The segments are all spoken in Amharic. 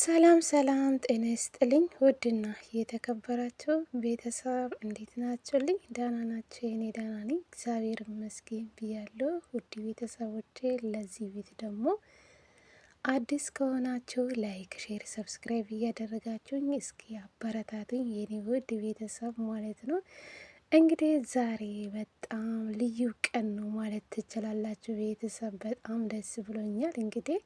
ሰላም ሰላም፣ ጤና ይስጥልኝ። ውድና የተከበራችሁ ቤተሰብ እንዴት ናችሁልኝ? ደህና ናቸው? የኔ ደህና ነኝ፣ እግዚአብሔር ይመስገን ብያለሁ። ውድ ቤተሰቦቼ፣ ለዚህ ቤት ደግሞ አዲስ ከሆናችሁ ላይክ፣ ሼር፣ ሰብስክራይብ እያደረጋችሁኝ እስኪ አበረታቱኝ የኔ ውድ ቤተሰብ ማለት ነው። እንግዲህ ዛሬ በጣም ልዩ ቀን ነው ማለት ትችላላችሁ ቤተሰብ። በጣም ደስ ብሎኛል እንግዲህ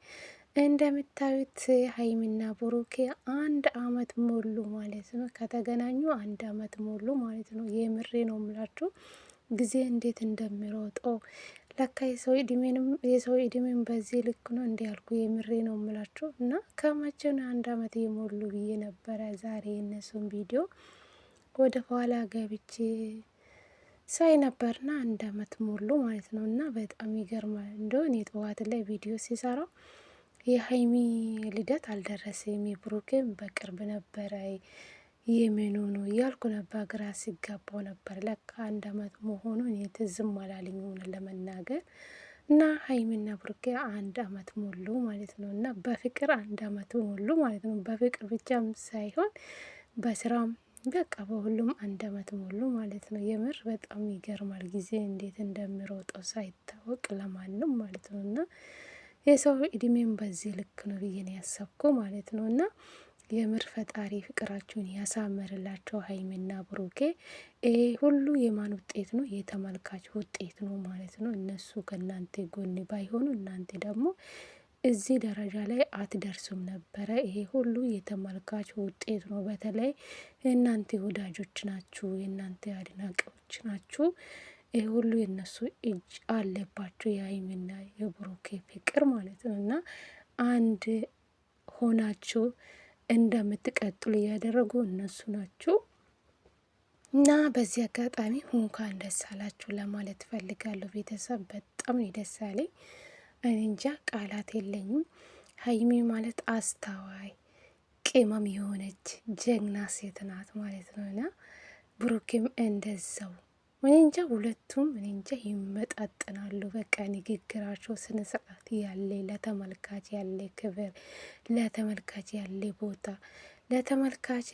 እንደምታዩት ሀይሚና ብሩኬ አንድ አመት ሞሉ ማለት ነው። ከተገናኙ አንድ አመት ሞሉ ማለት ነው። የምሬ ነው ምላችሁ ጊዜ እንዴት እንደሚሮጠው ለካ የሰው እድሜንም የሰው እድሜን በዚህ ልክ ነው እንዲ ያልኩ የምሬ ነው ምላችሁ እና ከመቼ ነው አንድ አመት የሞሉ ብዬ ነበረ። ዛሬ የነሱን ቪዲዮ ወደ ኋላ ገብቼ ሳይ ነበርና አንድ አመት ሞሉ ማለት ነው። እና በጣም ይገርማል እንደሆን የጠዋት ላይ ቪዲዮ ሲሰራው የሀይሚ ልደት አልደረሰም፣ የብሩክም በቅርብ ነበረ፣ የምኑ ነው እያልኩ ነበር፣ ግራ ሲጋባው ነበር። ለካ አንድ አመት መሆኑን ትዝም አላለኝ ሆነ ለመናገር እና ሀይሚና ብሩኬ አንድ አመት ሞሉ ማለት ነው። እና በፍቅር አንድ አመት ሞሉ ማለት ነው። በፍቅር ብቻም ሳይሆን በስራም በቃ በሁሉም አንድ አመት ሞሉ ማለት ነው። የምር በጣም ይገርማል ጊዜ እንዴት እንደሚሮጠው ሳይታወቅ ለማንም ማለት ነው እና የሰው እድሜን በዚህ ልክ ነው ብዬ ነው ያሰብኩ ማለት ነው እና የምር ፈጣሪ ፍቅራችሁን ያሳመርላቸው ሀይሚና ብሩኬ። ይሄ ሁሉ የማን ውጤት ነው? የተመልካች ውጤት ነው ማለት ነው። እነሱ ከእናንተ ጎን ባይሆኑ እናንተ ደግሞ እዚህ ደረጃ ላይ አትደርሱም ነበረ። ይሄ ሁሉ የተመልካች ውጤት ነው። በተለይ የእናንተ ወዳጆች ናችሁ፣ የእናንተ አድናቂዎች ናችሁ። ይህ ሁሉ የነሱ እጅ አለባቸው የሀይሚና የብሩኬ ፍቅር ማለት ነው እና አንድ ሆናችሁ እንደምትቀጥሉ እያደረጉ እነሱ ናቸው እና በዚህ አጋጣሚ እንኳን ደስ አላችሁ ለማለት ፈልጋለሁ። ቤተሰብ በጣም ደስ አለኝ። እንጃ ቃላት የለኝም። ሀይሚ ማለት አስተዋይ ቅመም የሆነች ጀግና ሴት ናት ማለት ነው እና ብሩክም እንደዛው እኔ እንጃ ሁለቱም እኔ እንጃ ይመጣጥናሉ። በቃ ንግግራቸው ስነ ስርዓት ያለ ለተመልካች ያለ ክብር፣ ለተመልካች ያለ ቦታ፣ ለተመልካች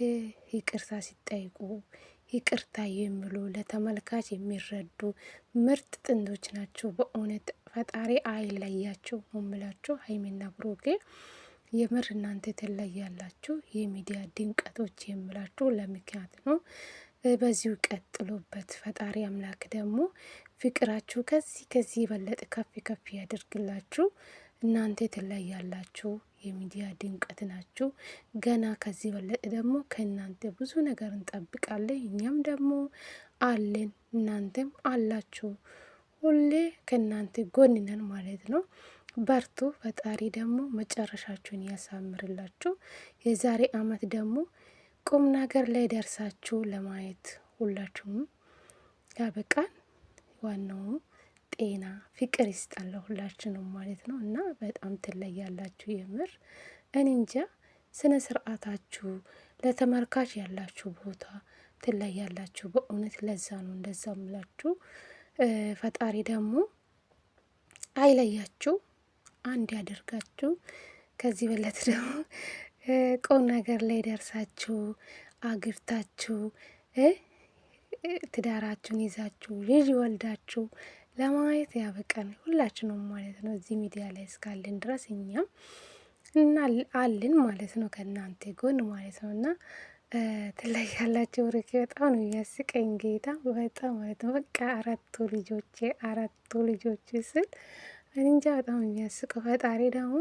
ይቅርታ ሲጠይቁ ይቅርታ የሚሉ ለተመልካች የሚረዱ ምርጥ ጥንዶች ናቸው። በእውነት ፈጣሪ አይለያቸው መምላቸው ሀይሚና ብሩኬ የምር እናንተ ትለያላችሁ። የሚዲያ ድምቀቶች የምላችሁ ለምክንያት ነው። በዚሁ ቀጥሎበት ፈጣሪ አምላክ ደግሞ ፍቅራችሁ ከዚህ ከዚህ የበለጠ ከፍ ከፍ ያደርግላችሁ። እናንተ ትለያላችሁ፣ የሚዲያ ድምቀት ናችሁ። ገና ከዚህ በለጠ ደግሞ ከእናንተ ብዙ ነገር እንጠብቃለን። እኛም ደግሞ አለን፣ እናንተም አላችሁ። ሁሌ ከእናንተ ጎን ነን ማለት ነው። በርቱ። ፈጣሪ ደግሞ መጨረሻችሁን ያሳምርላችሁ። የዛሬ አመት ደግሞ ቁም ነገር ላይ ደርሳችሁ ለማየት ሁላችሁም ያበቃል። ዋናው ጤና ፍቅር ይስጣለሁ ሁላችንም ማለት ነው እና በጣም ትለያላችሁ። የምር እኔ እንጃ ስነ ስርዓታችሁ ለተመልካች ያላችሁ ቦታ ትለያላችሁ። በእውነት ለዛ ነው እንደዛ ምላችሁ። ፈጣሪ ደግሞ አይለያችሁ፣ አንድ ያደርጋችሁ። ከዚህ በለት ደግሞ ቁም ነገር ላይ ደርሳችሁ አግብታችሁ ትዳራችሁን ይዛችሁ ልጅ ወልዳችሁ ለማየት ያበቃን ሁላችንም ማለት ነው። እዚህ ሚዲያ ላይ እስካለን ድረስ እኛም እና አልን ማለት ነው፣ ከእናንተ ጎን ማለት ነው። እና ትለያላችሁ። ብሩኬ በጣም ነው የሚያስቀኝ ጌታ በጣም ማለት ነው። በቃ አራቱ ልጆቼ አራቱ ልጆቼ ስል እንጃ በጣም የሚያስቀው ፈጣሪ ደግሞ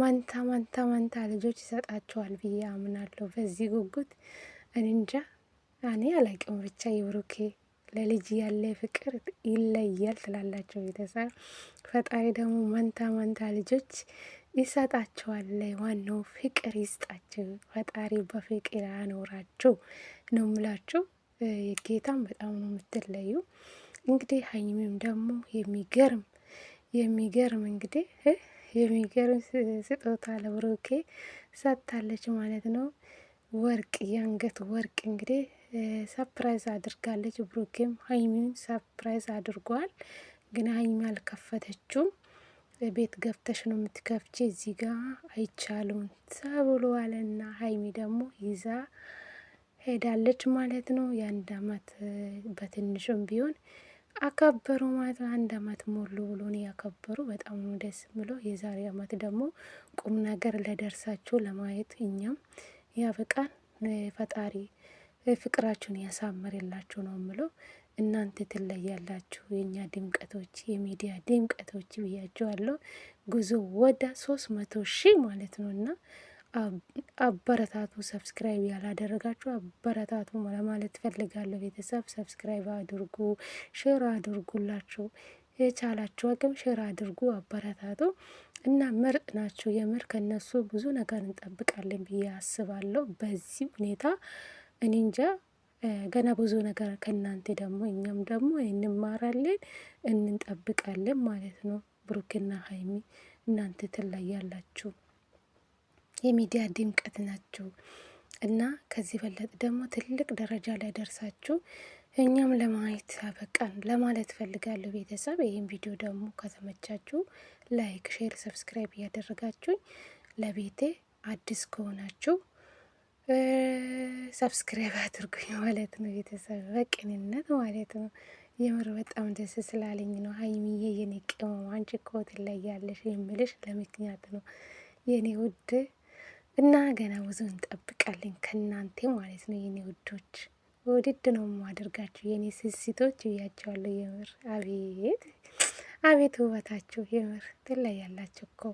ማንታ ማንታ ማንታ ልጆች ይሰጣቸዋል ብዬ አምናለሁ። በዚህ ጉጉት እንጃ እኔ አላቅም። ብቻ የብሩኬ ለልጅ ያለ ፍቅር ይለያል ትላላቸው ቤተሰብ። ፈጣሪ ደግሞ ማንታ ማንታ ልጆች ይሰጣቸዋል። ዋናው ፍቅር ይስጣቸው ፈጣሪ፣ በፍቅር አኖራቸው ነው ምላቸው። የጌታም በጣም ነው የምትለዩ። እንግዲህ ሀይሚም ደግሞ የሚገርም የሚገርም እንግዲህ የሚገርም ስጦታ ለብሩኬ ሰጥታለች ማለት ነው። ወርቅ የአንገት ወርቅ እንግዲህ ሰፕራይዝ አድርጋለች። ብሩኬም ሀይሚን ሰፕራይዝ አድርጓል። ግን ሀይሚ አልከፈተችውም። ቤት ገብተሽ ነው የምትከፍቺ፣ እዚህ ጋ አይቻሉም ተብሏልና ሀይሚ ደግሞ ይዛ ሄዳለች ማለት ነው። የአንድ አመት በትንሹም ቢሆን አከበሩ ማለት አንድ አመት ሞሉ ብሎን ያከበሩ በጣም ነው ደስ ብሎ የዛሬ አመት ደግሞ ቁም ነገር ለደርሳችሁ ለማየት እኛም ያበቃን ፈጣሪ ፍቅራችሁን ያሳምርላችሁ ነው ምለው። እናንተ ትለያላችሁ፣ የእኛ ድምቀቶች፣ የሚዲያ ድምቀቶች ብያችኋለሁ። ጉዞ ወደ ሶስት መቶ ሺህ ማለት ነው እና አበረታቱ። ሰብስክራይብ ያላደረጋችሁ አበረታቱ ለማለት ፈልጋለሁ። ቤተሰብ ሰብስክራይብ አድርጉ፣ ሽር አድርጉላችሁ፣ የቻላችሁ አቅም ሽር አድርጉ፣ አበረታቱ እና ምርጥ ናቸው። የምር ከነሱ ብዙ ነገር እንጠብቃለን ብዬ አስባለሁ። በዚህ ሁኔታ እኔ እንጃ ገና ብዙ ነገር ከእናንተ ደግሞ እኛም ደግሞ እንማራለን እንጠብቃለን ማለት ነው። ብሩክና ሀይሚ እናንተ ትለያላችሁ። የሚዲያ ድምቀት ናችሁ እና ከዚህ በለጥ ደግሞ ትልቅ ደረጃ ላይ ደርሳችሁ እኛም ለማየት ያበቃን ለማለት ፈልጋለሁ። ቤተሰብ ይህም ቪዲዮ ደግሞ ከተመቻችሁ ላይክ፣ ሼር፣ ሰብስክራይብ እያደረጋችሁኝ ለቤቴ አዲስ ከሆናችሁ ሰብስክራይብ አድርጉኝ ማለት ነው። ቤተሰብ በቅንነት ማለት ነው። የምር በጣም ደስ ስላለኝ ነው። ሀይሚዬ የኔ ቅመም አንቺ እኮ ያለሽ የምልሽ ለምክንያት ነው የኔ ውድ እና ገና ብዙ እንጠብቃለን ከእናንተ ማለት ነው የኔ ውዶች። ውድድ ነው የማደርጋችሁ የኔ ስስቶች እያቸዋለሁ። የምር አቤት አቤት ውበታችሁ የምር ትለያላችሁ እኮ